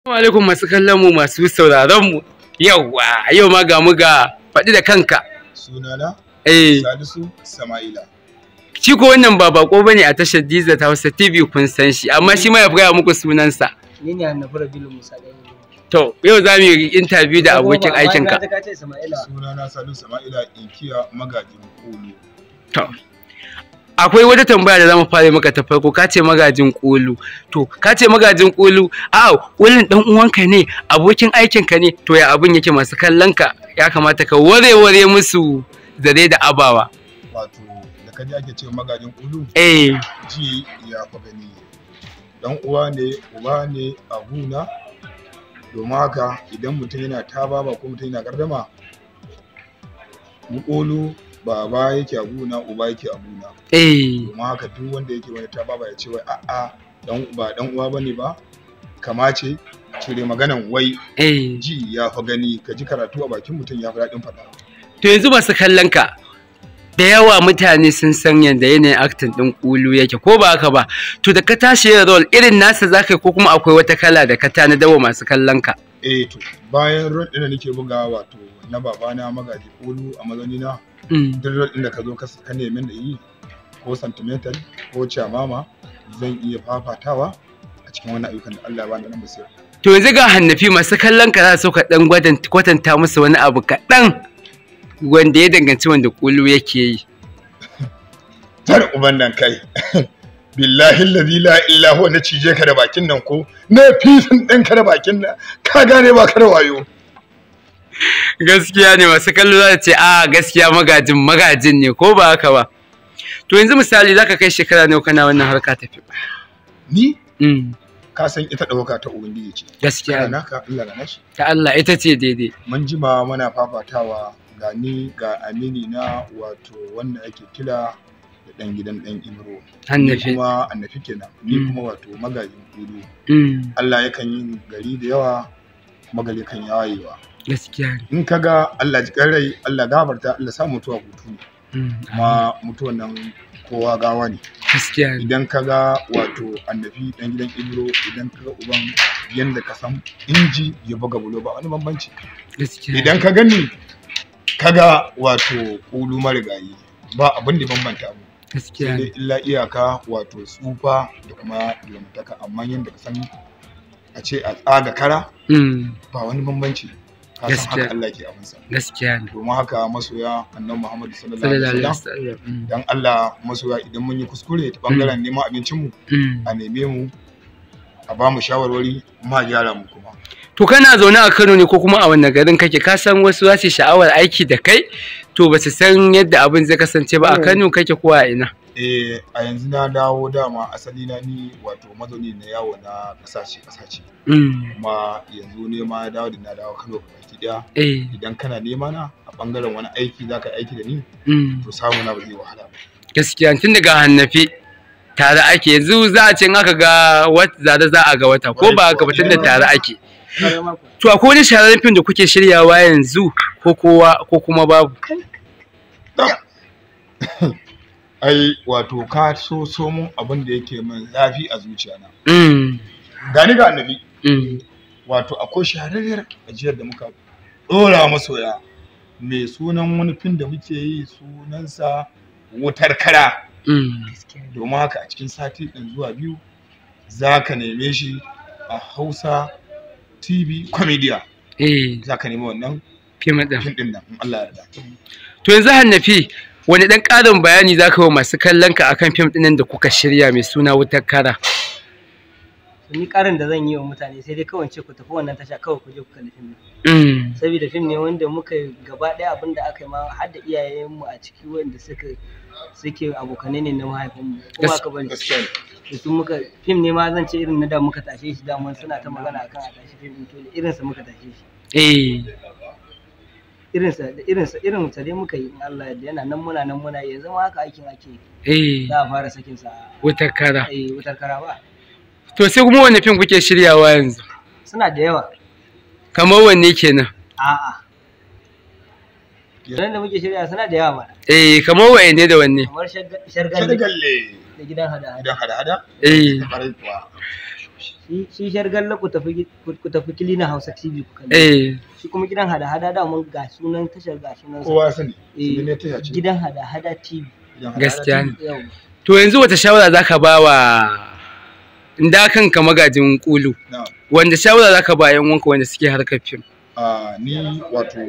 Assalamu alaikum masu kallon mu masu sauraron mu. Yawwa, yau ma ga mu ga faɗi da kanka. Sunana? Eh. Salisu Sama'ila. Shi ko wannan ba bako bane a tashar Diza ta Hausa TV kun san shi, amma shi ma ya fara muku sunansa. Ni ne Annabi Rabilu Musa To, yau za mu yi interview da abokin aikinka. Sunana Salisu Sama'ila Inkiya Magaji Kulu. To, akwai wata tambaya da zamu fara maka ta farko ka ce magajin kolu to ka ce magajin kolu a kolin dan uwanka ne abokin aikin ka ne to ya abun yake masu kallon ka ya kamata ka ware ware musu zare da abawa wato da kaji ake ce magajin kolu eh ji ya fa gani dan uwa ne uba ne abuna domin haka idan mutum yana ta baba ko mutum yana gardama mu kolu baba yake a guna uba yake a guna eh kuma haka duk wanda yake wani ta baba ya ce wai a'a dan ba dan uwa bane ba kama ce, cire maganan wai eh. ji ya fa gani ka ji karatu a bakin mutum ya fi daɗin faɗa to yanzu masu kallon ka da yawa mutane sun san yadda yanayin aktin ɗin kulu yake ko ba haka ba to da ka tashi yin rol irin nasa za ka yi ko kuma akwai wata kala da ka tana dawo masu kallon ka eh to bayan rol ɗin da nake buga wato na babana magaji kulu a mazaunina Mm. duk da ka zo ka nemi da yi ko sentimental ko chamama zan iya fafatawa a cikin wani ayyukan da Allah ya bani nan basira to yanzu ga hannafi masu kallon ka za su ka dan kwatanta musu wani abu kaɗan wanda ya danganci wanda kulu yake yi tar uban nan kai billahi alladhi la ilaha illa huwa na cije ka da bakin nan ko na fisin ɗinka da bakin nan ka gane ba ka da wayo gaskiya ne masu kallo za ce a gaskiya magajin magajin ne ko ba haka ba to yanzu misali zaka kai shekara ne kana wannan harka ta fi ni mm. ka san ita ɗauka ta ubangiji ce gaskiya ne ka Allah na nashi ta Allah ita ce daidai mun jima muna fafatawa ga ni ga amini na wato wanda ake kila da dan gidan dan imro ni kuma annabi kenan ni mm. kuma wato magajin kudu mm. Allah yakan yi gari da yawa magali kan yawayewa gaskiya ne in ga Allah ji rai Allah gafarta Allah sa mutuwa hutu mm, kuma mutuwan nan kowa gawa ne gaskiya ne idan ga wato annabi dan gidan ibro idan ka ga uban yanda ka san inji ya buga bulo ba wani bambanci gaskiya idan ka gani ga wato kulu marigayi ba abin da bambanta mu gaskiya ne illa iyaka wato tsufa da kuma lamtaka amma yanda ka san a ce a tsaga kara mm. ba wani bambanci gaskiya Allah ke abinsa gaskiya ne domin haka masoya annabi Muhammad sallallahu alaihi wasallam mm. dan Allah masoya idan mun yi kuskure ta bangaren mm. neman abincin mu mm. a neme mu a ba mu shawarwari ma gyara mu kuma to kana zaune a Kano ne ko kuma a wannan garin kake ka san wasu za su sha'awar aiki da kai to ba su san yadda abin zai kasance ba a Kano kake ko a ina eh a yanzu na dawo dama asali na ni wato mazauni na yawo na kasashe kasashe mm. kuma yanzu ne ma dawo da na dawo kano baki daya eh. idan kana nema na a bangaren wani aiki zaka aiki da ni mm. to samu na ba wahala ba gaskiya tun daga hannafi tare ake yanzu za a ce in aka ga wata za a ga wata ko ba ka batun da tare ake to akwai wani shahararren fim da kuke shiryawa yanzu ko kowa ko kuma babu ah! ai wato ka so so mun abin da yake min zafi a zuciya na mm. gani ga annabi mm. wato akwai shahararriyar ajiyar da muka dora masoya mai sunan wani fin da muke yi sunansa wutar kara mm. domin haka a cikin sati ɗin zuwa biyu za ka neme shi a hausa tv comedia eh. za ka nemi wannan fim ɗin nan Allah ya yarda to yanzu hannafi wani dan ƙarin bayani za ka yi masu kallon ka akan fim ɗinin da kuka shirya mai suna wutar kara ni ƙarin da zan yi wa mutane sai dai kawai ce ku tafi wannan tasha kawai ku je ku kalli fim mm. saboda fim ne wanda muka gaba ɗaya abin da aka yi ma har da iyayenmu a ciki wanda suka suke abokane ne na mahaifinmu ko ba ka sun muka fim ne ma zan ce irin na da muka tashe shi da suna ta magana akan a tashi fim din to irin sa muka tashe shi eh irinsa irinsa irin ta dai muka yi in Allah yadda yana nan muna nan muna yanzu ma haka aikin ake eh za a fara sakin sa wutar kara eh wutar kara ba to sai kuma wanne fim kuke shiryawa yanzu suna da yawa kamar wanne kenan a'a Gidan da muke shirya suna da yawa ba Eh kamar wanne da wanne? Kamar shargalle. Da gidan hada-hada. hada-hada? Eh. Shi shargalle ku tafi ku tafi Kilina Hausa TV ku kalle Eh. shi kuma gidan hada-hada mun ga sunan tashar ga sunan kowa sani eh, gidan hada-hada tv gaskiya ne to yanzu wata shawara zaka ba wa inda kanka magajin kulu wanda shawara zaka ba yan wanka wanda suke harkar fim a ni wato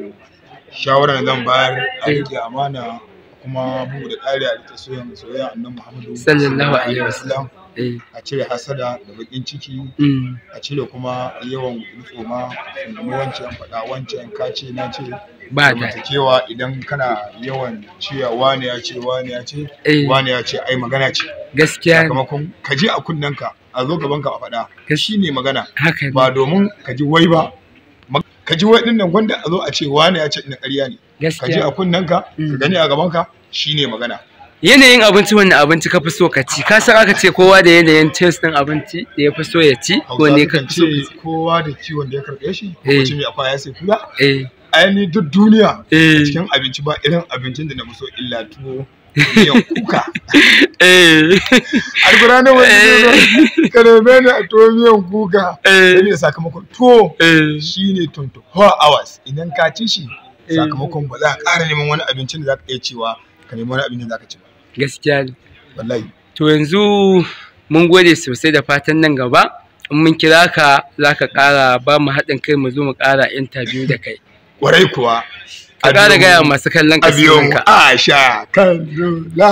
shawara zan bayar a eh. amana kuma bugu da ƙari a rike soyayya annabi Muhammadu sallallahu alaihi wasallam Eh. a cire hasada da baƙin ciki mm. a cire kuma yawan tsoma kuma wancan faɗa wancan kace na ce ba da cewa idan kana yawan ciya wani ya ce wani ya ce eh. wani ya ce ai magana ce gaskiya sakamakon ka je a kunnanka ka a zo gaban ka a faɗa ka shine magana ba domin ka ji wai ba ka ji wai dinnan gwanda a zo a ce wani ya ce ina ƙarya ne ka je a kunnanka ka ka mm. gani a gaban ka shine magana yanayin abinci wani abinci ka fi so ka ci ka san aka ce kowa da yanayin taste din abinci da ya fi so ya ci wanne ka fi so ka ci kowa da ciwon da ya karɓe shi ko ci mai akwai ya sai kula eh ainihin duk duniya eh. cikin abinci ba irin abincin da na fi so illa tuwo miyan kuka alkurani eh. wani ne eh. ka neme ni a tuwo miyan kuka ne sakamakon tuwo shine 24 hours idan ka ci shi sakamakon ba za ka ƙara neman wani abincin da za ka iya cewa ka nemi wani abin da zaka ci ba gaskiya ne wallahi to yanzu mun gode sosai da fatan nan gaba in mun kira ka za ka ƙara ba mu haɗin kai mu zo mu ƙara interview da kai ƙwarai kuwa ka ƙara gaya masu kallon ka sunanka a sha kallo la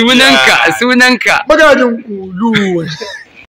sunanka sunanka magajin kulu